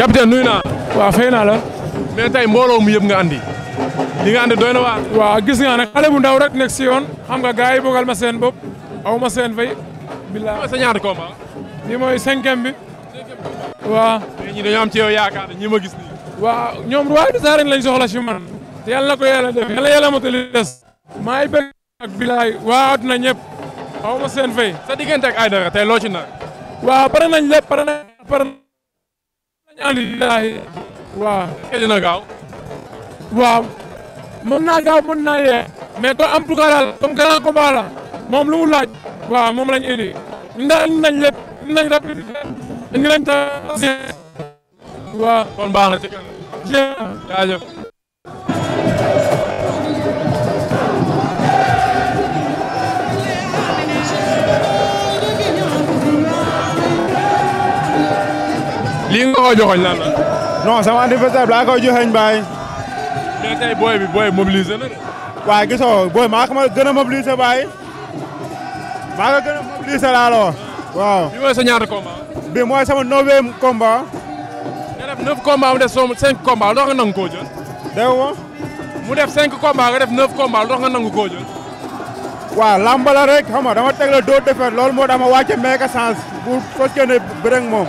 capitaine nuyu naa. waaw fay naa la. mais tey mbooloo mu yëpp nga andi. li nga andi doy na waar. gis nga nag xale bu ndaw rek nekk si yoon xam nga gars yi bogal ma seen bopp aw ma seen fay. billaay mooy sa ñaari combat. lii mooy cinquième bi. waaw. mais am ci yow yaakaar ñi ma gis nii. ñoom waaye saarañ lañ soxla si man. te yàlla na ko yàlla def yàlla yàlla motul li des. maa ngi bëgg ak waa adduna ñëpp. aw seen fay. sa diggante ak Aïdara tey loo ci nar. waaw pare nañ lépp alhamdulilah waaw. kii dina gaaw. waaw. mën naa gaaw mën naa yee. mais to en tout cas daal comme grand moom lu mu moom lañ indi. ndax nañ lépp nañ rapidité indi nañ ta. waaw kon baax na ci. jaajëf. kii nga ko joxoñ lan la. non baay. mais tey booy bi booy mobilisé na de. waaw gisoo booy maa ko ma gën a baay. maa ko gën a laa la waaw bi mooy sa ñaata combat. bi mooy sama neuvième combat. nga def neuf nga nangu koo jël. mu def cinq combat nga def neuf combat loo nga nangu koo jël. waaw la rek xam nga dama teg la doo defar loolu moo tax ma wàcce meeka sens bu fekkee ne bëre moom.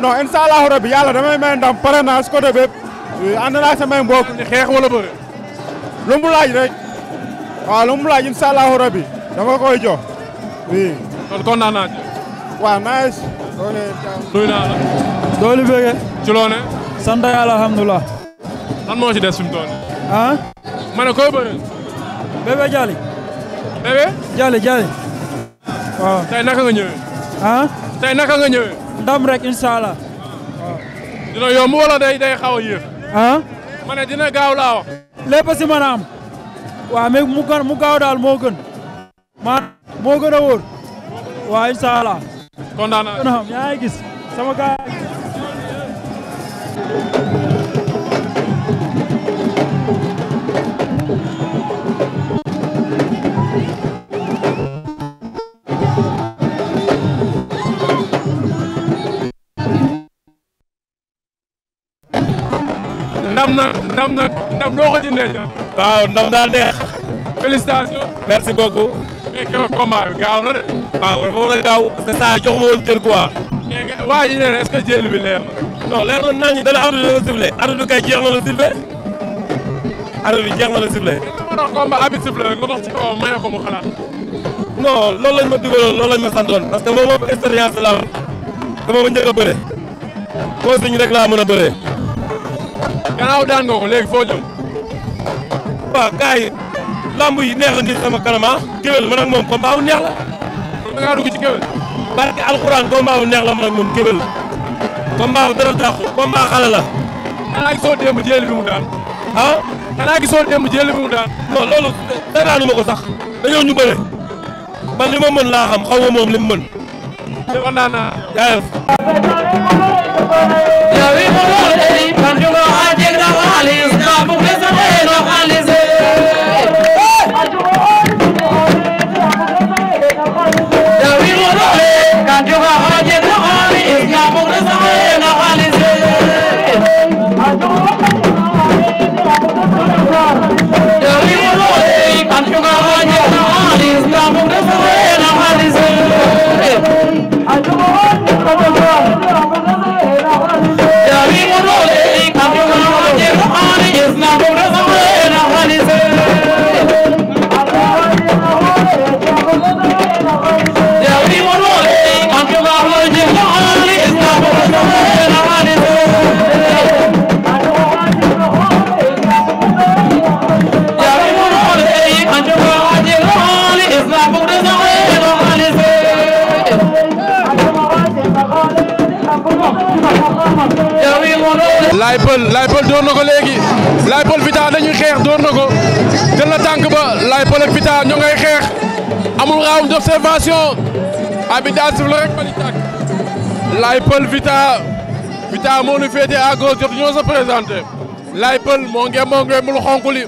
non incha allahu rabi yàlla damay may ndam pare naa su ko defee ànd naa samay mbokk. xeex wala bëre. lu mu laaj rek waaw lu mu laaj incha allahu rabi dama koy jox oui. kon kon naa naaj. waaw naaj. naa la. dooli bëgge. ci loone. sant yàlla alhamdulilah. lan moo ci des fi mu toll nii. ah. ma ne koy bëre. bébé Jali. bébé. Jali Jali. ndam rek incha allah. dina yomb wala day day xaw a yéex. ma ne dina gaaw laa wax. lépp si mën a am. waaw mais mu gaaw daal moo gën. maa a wóor. waaw incha allah. gis sama gars ndam noo ko jëndee ja. waaw ndam daal neex. félicitations. merci beaucoup. mais keroog combat bi gaaw na de. waaw dafa war a gaaw parce que saa waa ji nee na est jeex na la sifflé. ardu bi jeex la sifflé. mais loolu lañ ma digaloon loolu lañ ma parce que moom moom expérience la am dama ma laa mën a bëree. gannaaw daan nga ko léegi foo jëm. waaw gars yi neex na sama kanam ah. kéwél man ak moom combat bu neex la. kon da ngaa dugg ci kéwél. barke alxuraan combat bu neex la man ak moom kéwél la. combat bu dara tax combat xale la. xanaa gisoo démb jëli mu daan. ah xanaa gisoo démb jëli bi mu daan. non loolu daraanu ma ko sax. dañoo ñu bëre. man li ma mën laa xaw ma moom li mu mën. Laye Peul Laye Peul door na ko léegi Laye Peul Vita dañuy xeex door na ko jël na tànk ba Laye Peul ak Vita ñoo ngay xeex amul round d'observation Habib daa sif la rek bali tàkk Laye Peul Vita Vita moo ñu féete à gauche jot ñoo sa présenté Laye Peul moo nge moo nge mul xonk li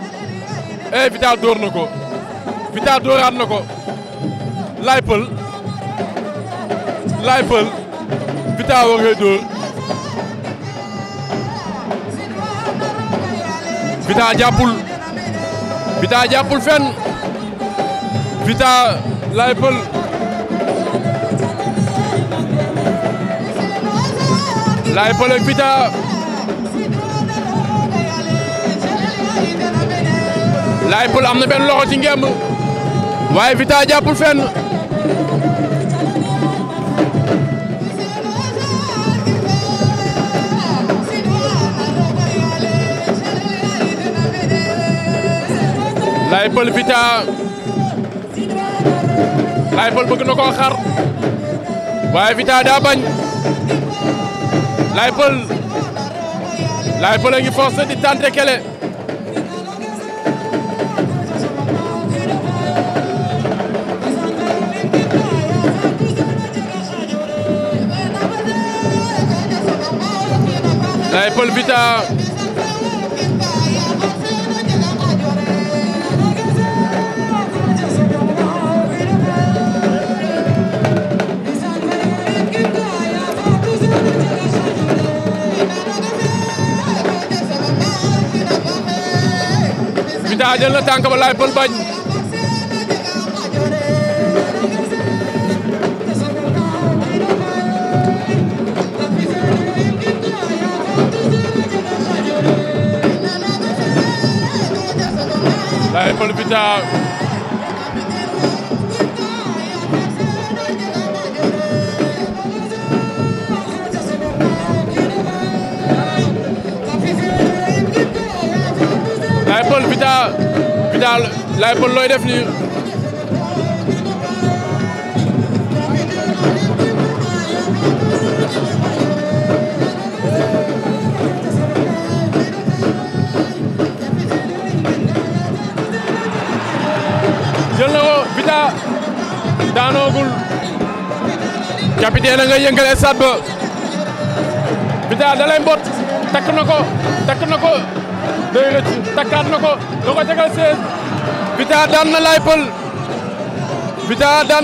eh Vita na ko Vita dooraat na ko Laye Peul Laye Peul Vita wa ngay door Vita jàppul Vita jàppul fenn Vita Laye Peul Laye Peul am na benn loxo ci ngemb waaye Vita jàppul fenn laay pël Vita laay pël bëgg na xar waaye Vita daa bañ laay pël laay pël a ngi forcé di tante kele laay pël Vita Siteu jël na tànk ba laay pël bañ laay pël Siteu Laye Peul Vita Vita Laye Peul na ko Vita daanoogul capitaine nga yëngal stade ba Vita takk na ko takk na ko. day rëcc takkaat na ko da ko jagal seen Vita daan na Laye Peul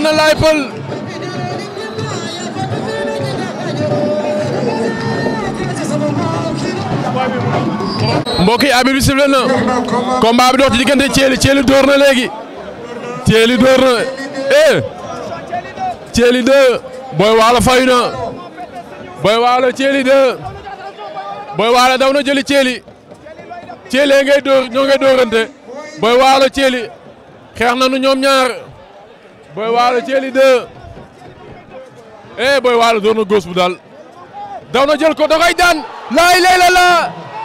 na Laye Peul yi abir bi sifle na combat bi dox ci diggante Thiely Thiely door na Boy Walo fayu Boy Walo Thiely 2 Boy Walo daw na jëli Thielé ngay dóor ñoo ngay dóorante Boy Waalo Thielé xeex nañu ñoom ñaar Boy Waalo Thielé 2 eh Boy Waalo doon na góos bu daal daw na jël ko da koy daan laay lay la laa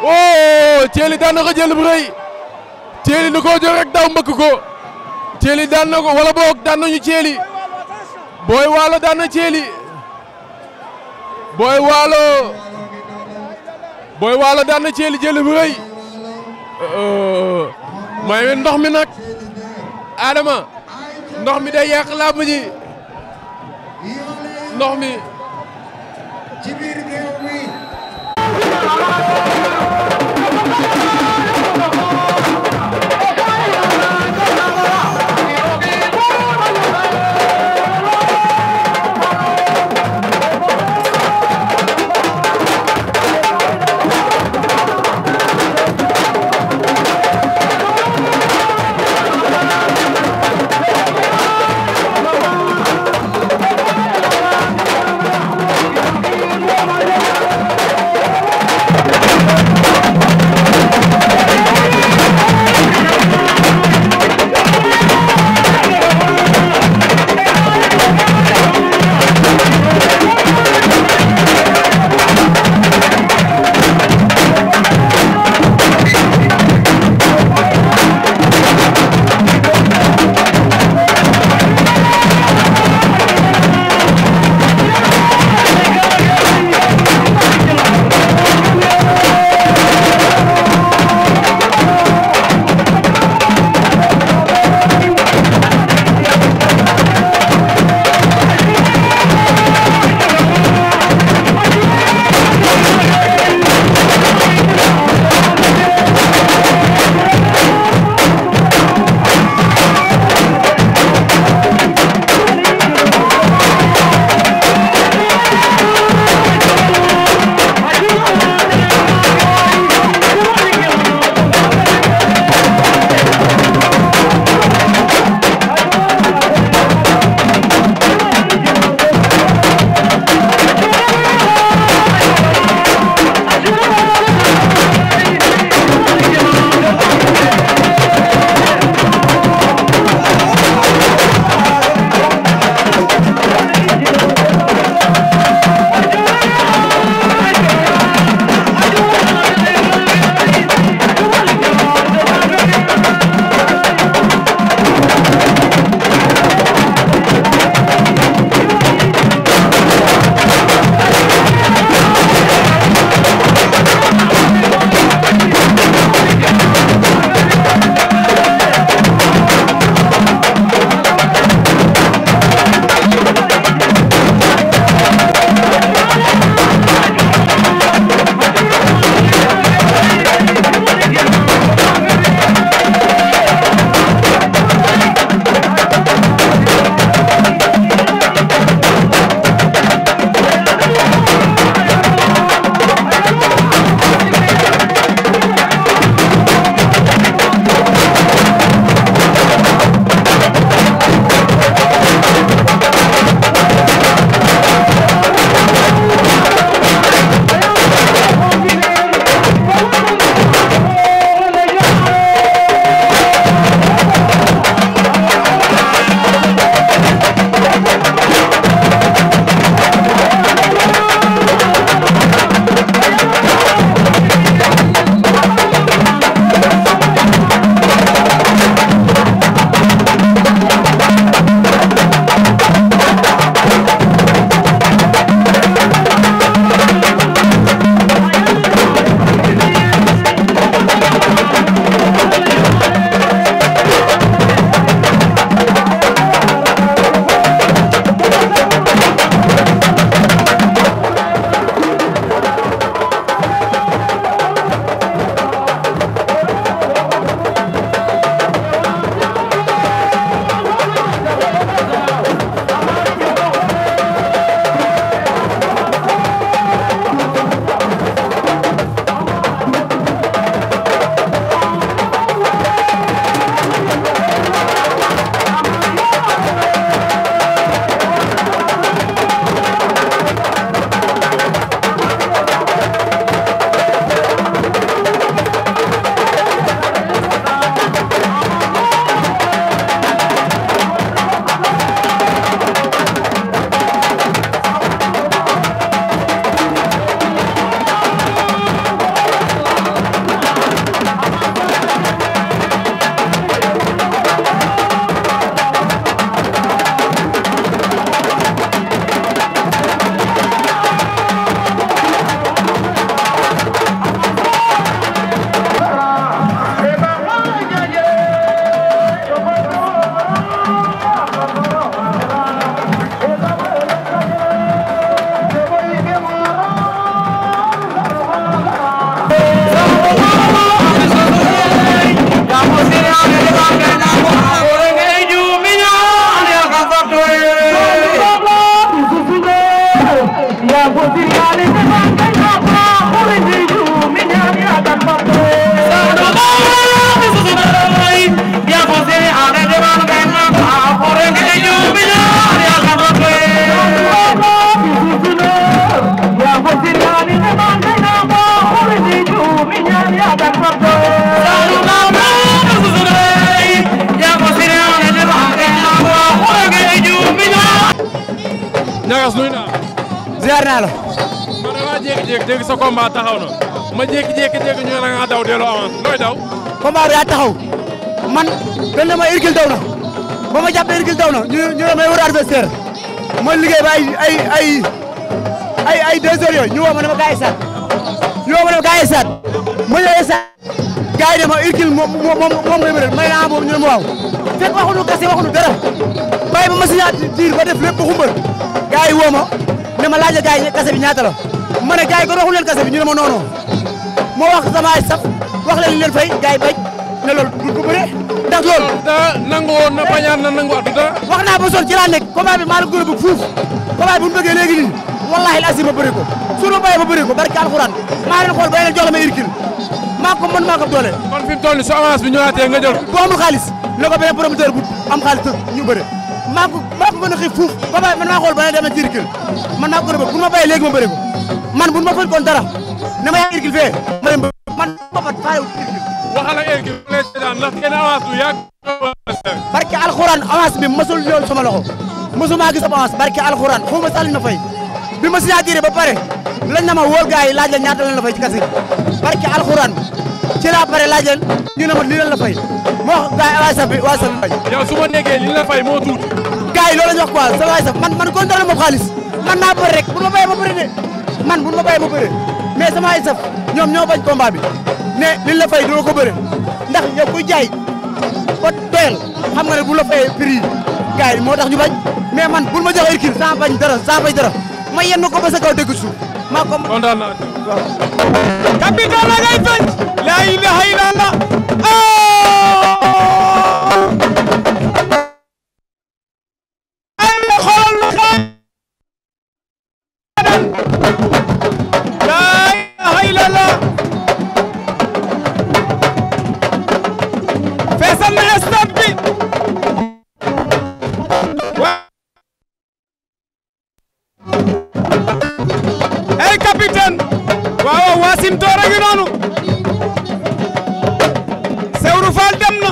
oh Thielé daan ko jël bu rëy Thielé da koo jël rek daw mbëkk ko Thielé daan na ko wala boog daan nañu Thielé Boy Waalo daan na Thielé Waalo Boy Waalo daan na jël bu Euh, mooy ndox mi nag Adama ndox mi day yàq làmb ji ndox mi. ziar naa la. man damaa jékki-jékki dégg sa taxaw na ma jékki-jékki dégg ñu ne la nga daw delloo avance looy daw. combat bi daa taxaw man benn ma Hercule daw na ba ma jàppee Hercule daw na ñu ñu ne may war ma liggéey ba ay ay ay yooyu ñu woo ma ma gars yi saat ñu woo ma ne ma gars yi saat ma ñëwee saat gars yi ne ma Hercule moom moom moom ngay bëre may naa boobu ñu ne ma waaw fekk waxuñu kase waxuñu dara bàyyi ma ma signature ba def lépp ba xumbar ne ma laajal gars yi kase bi ñaata la ma ne gars yi kon waxu leen kase bi ñu ne ma noonu ma wax sama ay saf wax leen li leen fay gars yi ne loolu du ko bëre ndax loolu. nangu woon na bañaat na nangu atu dara. wax naa ba sonn ci laa nekk combat bi maa la gën a bëgg fuuf combat bi bu ñu bëggee léegi nii wallaahi la asi ma bëri ko ma bayee ma bëri ko alxuraan maa xool ba leen jox la ma irkil maa ko mën maa ko doole. kon fi mu toll nii su avance bi ñëwaatee nga amul xaalis la ko beneen promoteur bu am xaalis ñu bëre maa ko maa ko gën a xëy fuuf ba pare man maa xool ba ne demee circule man maa ko gën a bëgg bu ma bàyyi léegi ma bëri ko man bu ma fël kon na ma yaa circule fee ma dem man bopat faayewul circule waxala circule lay seetaan ndax kenn avance du yàgg barke alxuraan avance bi mësul yoon sama loxo mësumaa gis avance alxuraan xaw ma sàlli na fay bi ma signature ba pare lañ na ma wóor gars yi laaj la ñaata lan la fay ci kasi barke alxuraan ci laa pare laaj leen ñu ne ma lii lan la fay moo wax gars ma nekkee li la fay gars yi loolu la ñu wax quoi sa waay sax man man kontaan na ma xaalis man naa bëri rek bu ma bàyyi ma bëri de man bu ma bàyyi ma bëri mais sama ay ñoom ñoo bañ combat bi ne liñ la fay doo ko bëri ndax yow kuy jaay ba doyal xam nga ne bu la fayee prix gars moo tax ñu bañ mais man bul ma jox ay kii sans bañ dara sans bañ dara ma yenn ko ba sa kaw dégg suuf maa ko. kontaan naa waaw. capitaine la ngay fecc. laa ilaha illallah. Oh! ey capitaine waaw Wassim Touré ngi noonu Sewru Fall dem na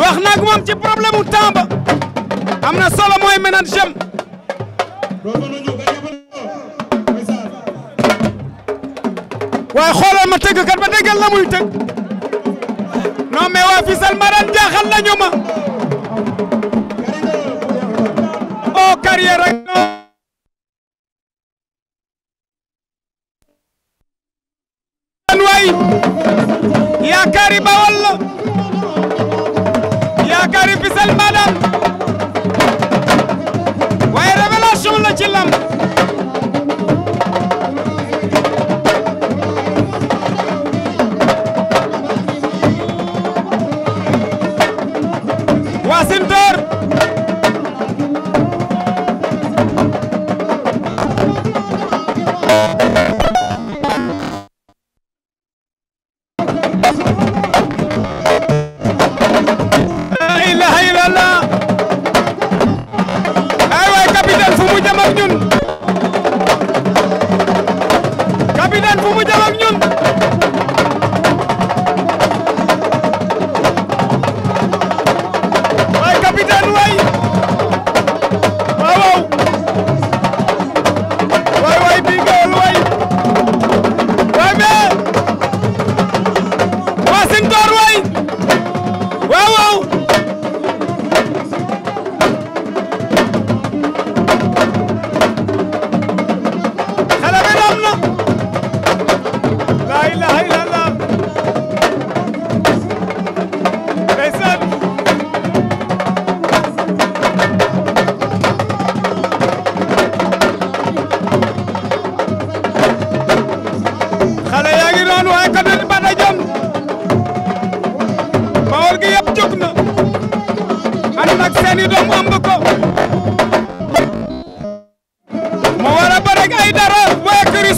wax na moom ci problème mu am na solo mooy ménagem waaye xoolal ma tëggkat ba déggal la muy tëgg non mais waa Fissel mbaran jaaxal nañu ma carrière ak noonu waay yaakaari Bawol la yaakaari Fissel maanaam waaye révélation la ci lamb seeni moo wara bëre ak ay dara bu écurie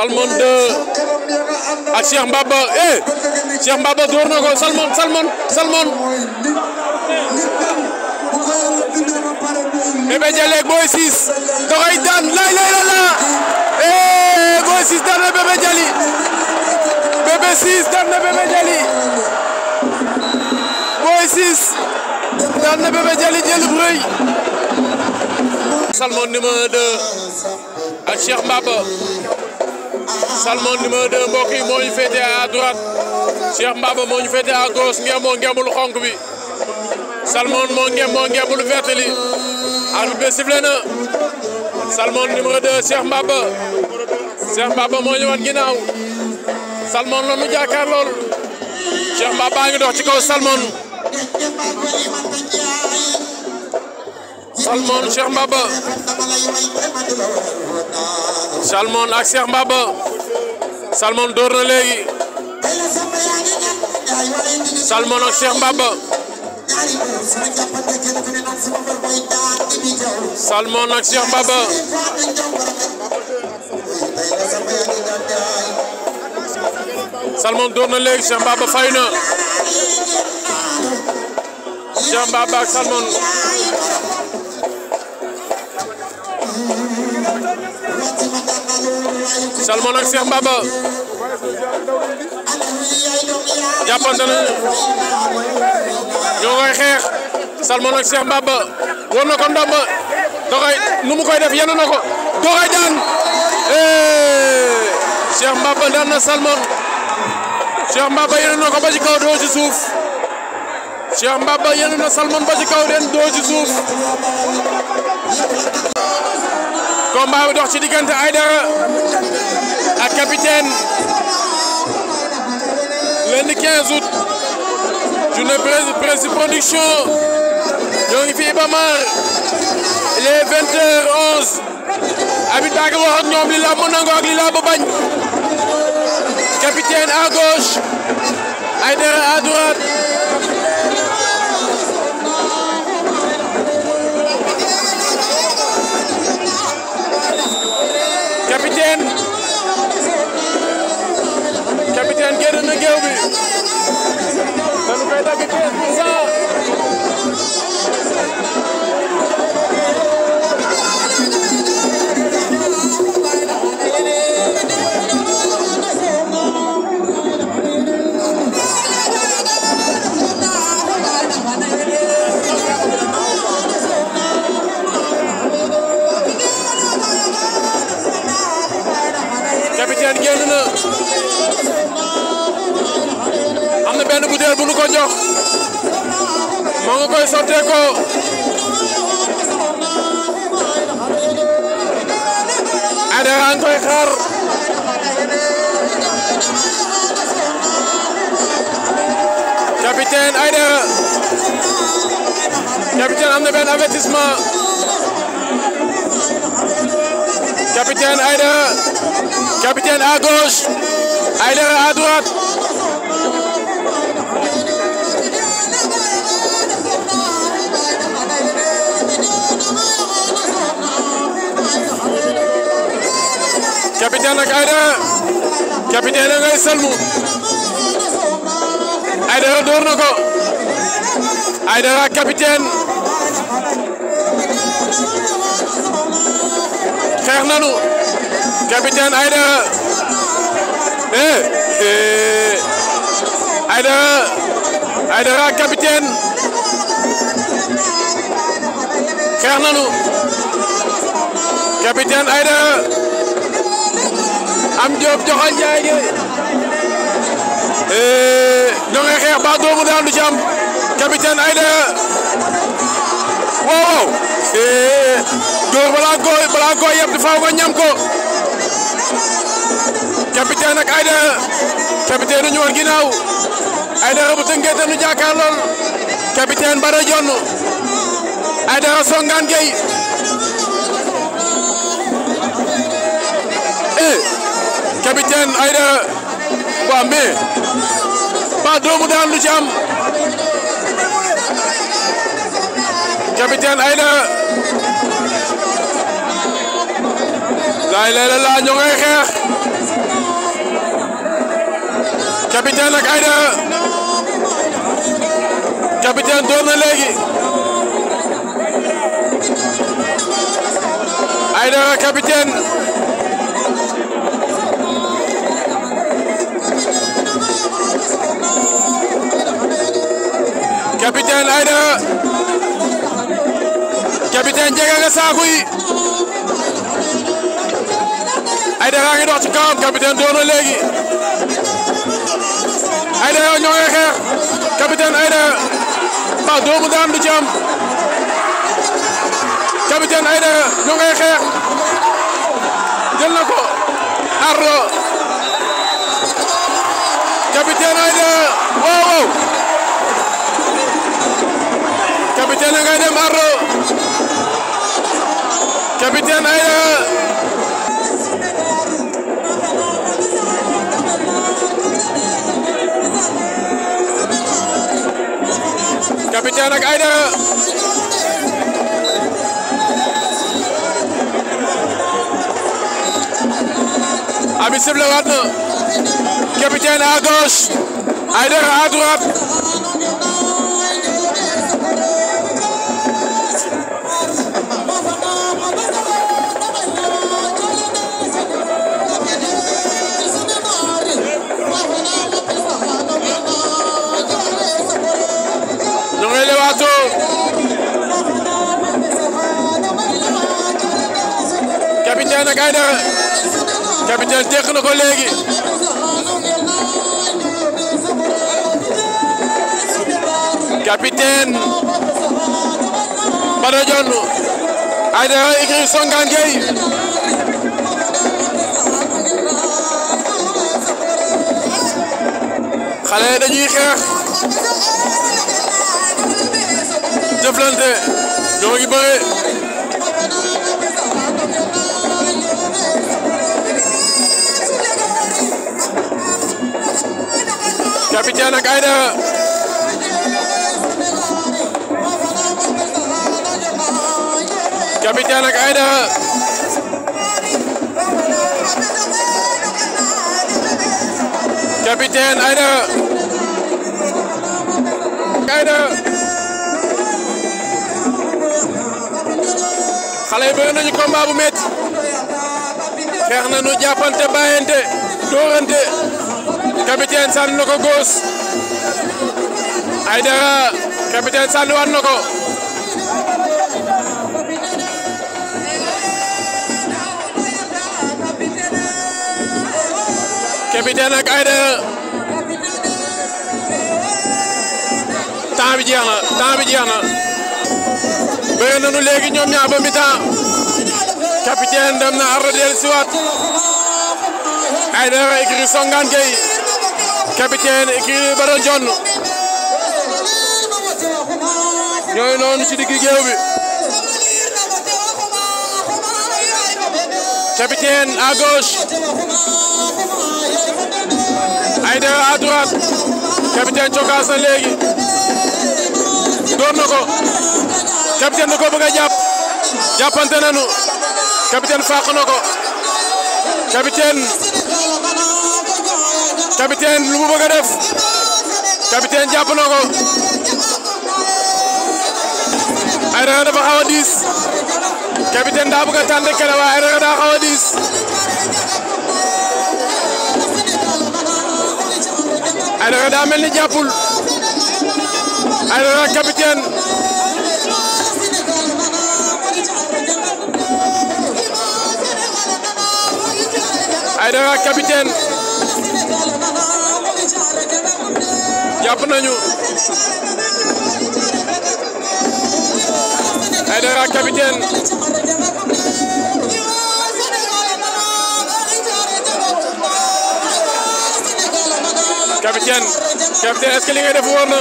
Salmon 2 ak Cheikh Mbaba eh Cheikh Mbaba door na Salmon Salmon Salmon. Bébé Diallo ak Boy Ciss da koy lay lay la la eh Boy Ciss daan na Bébé Diallo Bébé Ciss daan na Bébé Diallo Boy Ciss Bébé Diallo jël bu Salmon numéro 2 ak Cheikh Mbaba. Salmon numéro 2 mbokk yi moo ñu féetee à droite Cheikh Mbaba moo ñu féetee à moo ngembul xonk bi Salmon moo ngem moo ngembul vert li arbitre bi sifflé na Salmon numéro 2 Cheikh Mbaba Cheikh Mbaba moo ñëwaat ginnaaw Salmon la nu lool Cheikh Mbaba a ngi dox ci kaw Salmon. Salmon Cheikh Mbaba Salmon ak Cheikh Mbaba Salmon door na léegi Salmon ak Cheikh Mbaba Salmon ak Cheikh Mbaba Salmon door na léegi Cheikh Mbaba fay na Cheikh Mbaba ak Salmon Salmon ak Cheikh Mbaba jàppante nañu ñoo Salmon ak Cheikh Mbaba war na ko nu mu koy def yenu na ko doxay daan Cheikh Mbaba daan na Salmon Cheikh Mbaba yenu na ko kaw doo ci suuf combat bi dox ci diggante Aidara ak capitaine lundi 15 août journée fi Iba Mar il est 20h11 Habib Ba wax ak ñoom li la ak li la bañ capitaine à gauche Aidara à droite. réew mi capitaine ak Aïda capitaine ngay sëlmu Aïda door na ko Aïda ak capitaine xeex nanu capitaine Aïda eh, eh. Aïda Aïda ak capitaine xeex nanu capitaine Aïda am Diop joxoon Ndiaye de eh, ñoo ngi xeex ba doomu daan du ci am capitaine Aïdara waaw waaw eh, balaa ko balaa ko yëpp faaw nga ñam ko capitaine ak Aïdara capitaine ñu woon ginnaaw Aïdara bu tënkee te nu lool capitaine Bara Dione Aïdara songaan gay capitaine Aïdara waaw mais ba doomu daan lu ci capitaine Aïdara laay la laa ñoo ngay xeex capitaine ak Aïdara capitaine door na capitaine Aidara capitaine jege nga saaku yi Aidara ngi dox ci kawam capitaine doon xeex capitaine Aidara ba doomu daam du ci am capitaine Aidara ñoo xeex jël na ko ardo capitaine a ngay dem Ardo capitaine Aidara capitaine ak Aidara abi sifle waat na capitaine à gauche Aidara à droite Aidara capitaine tekk na ko léegi capitaine Bada Dione Aidara écrit Songane Gueye xale dañuy xeex jëflante ñoo ngi bëre capitaine ak Aïdara capitaine ak Aïdara capitaine Aïdara Aïdara xale yi bëgg nañu combat bu métti xeex nañu jàppante bàyyante dóorante capitaine sànni na ko góos Aidara capitaine sànni waat na ko capitaine ak Aidara temps bi jeex na temps bi jeex na bëri nañu léegi ñoom ñaar ba mi temps capitaine dem na ardo del siwaat Aidara écrit songaan kay capitaine écurie Baron ñooy noonu ci digg géew bi capitaine à gauche Aïda à capitaine cokaas na léegi door na ko capitaine da ko bëgg a jàpp jàppante capitaine fàq na ko capitaine capitaine lu mu bëgg a def capitaine jàpp na ko Aidara dafa xaw a diis capitaine daa bëgg a tànn kele waaye Aidara daa jàpp nañu Aidara capitaine capitaine capitaine est-ce que li ngay def woon na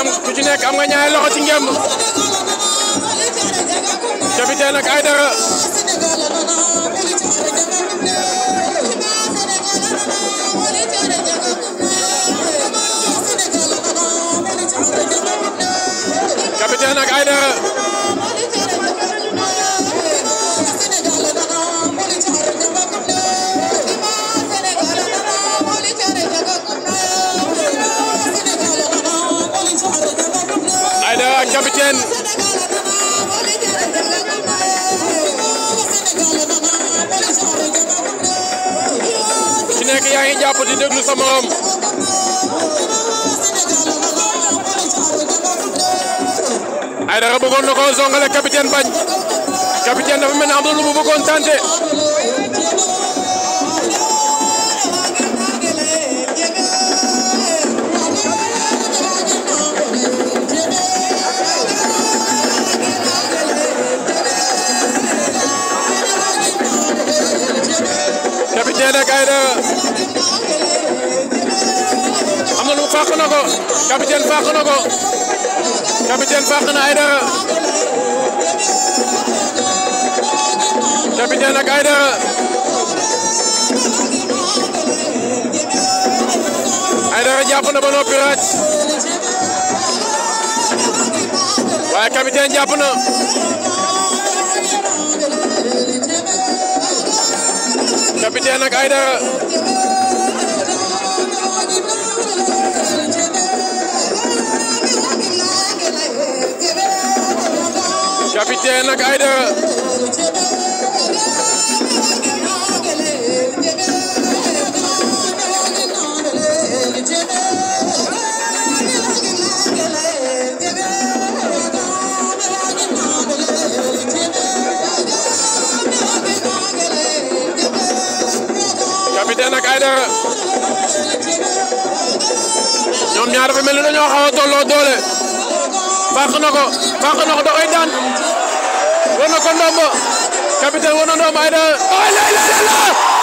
am ku ci am nga loxo ci ngemb capitaine ak Aidara jàpp di déglu sa morom Aidara bëggoon na ko bañ capitaine na lu mu bëggoon tante capitaine ak Aidara fàq capitaine fàq na ko capitaine fàq na Aidara capitaine ak Aidara Aidara ba noppi raaj capitaine jàpp na capitaine Dieng nak Aïdara capitaine ak Aïdara ñoom ñaar dafa mel ni dañoo xaw a tolloo doole fàq na ko fàq na ko da koy daan war na ko ndombo capitaine war na ndombo Aïda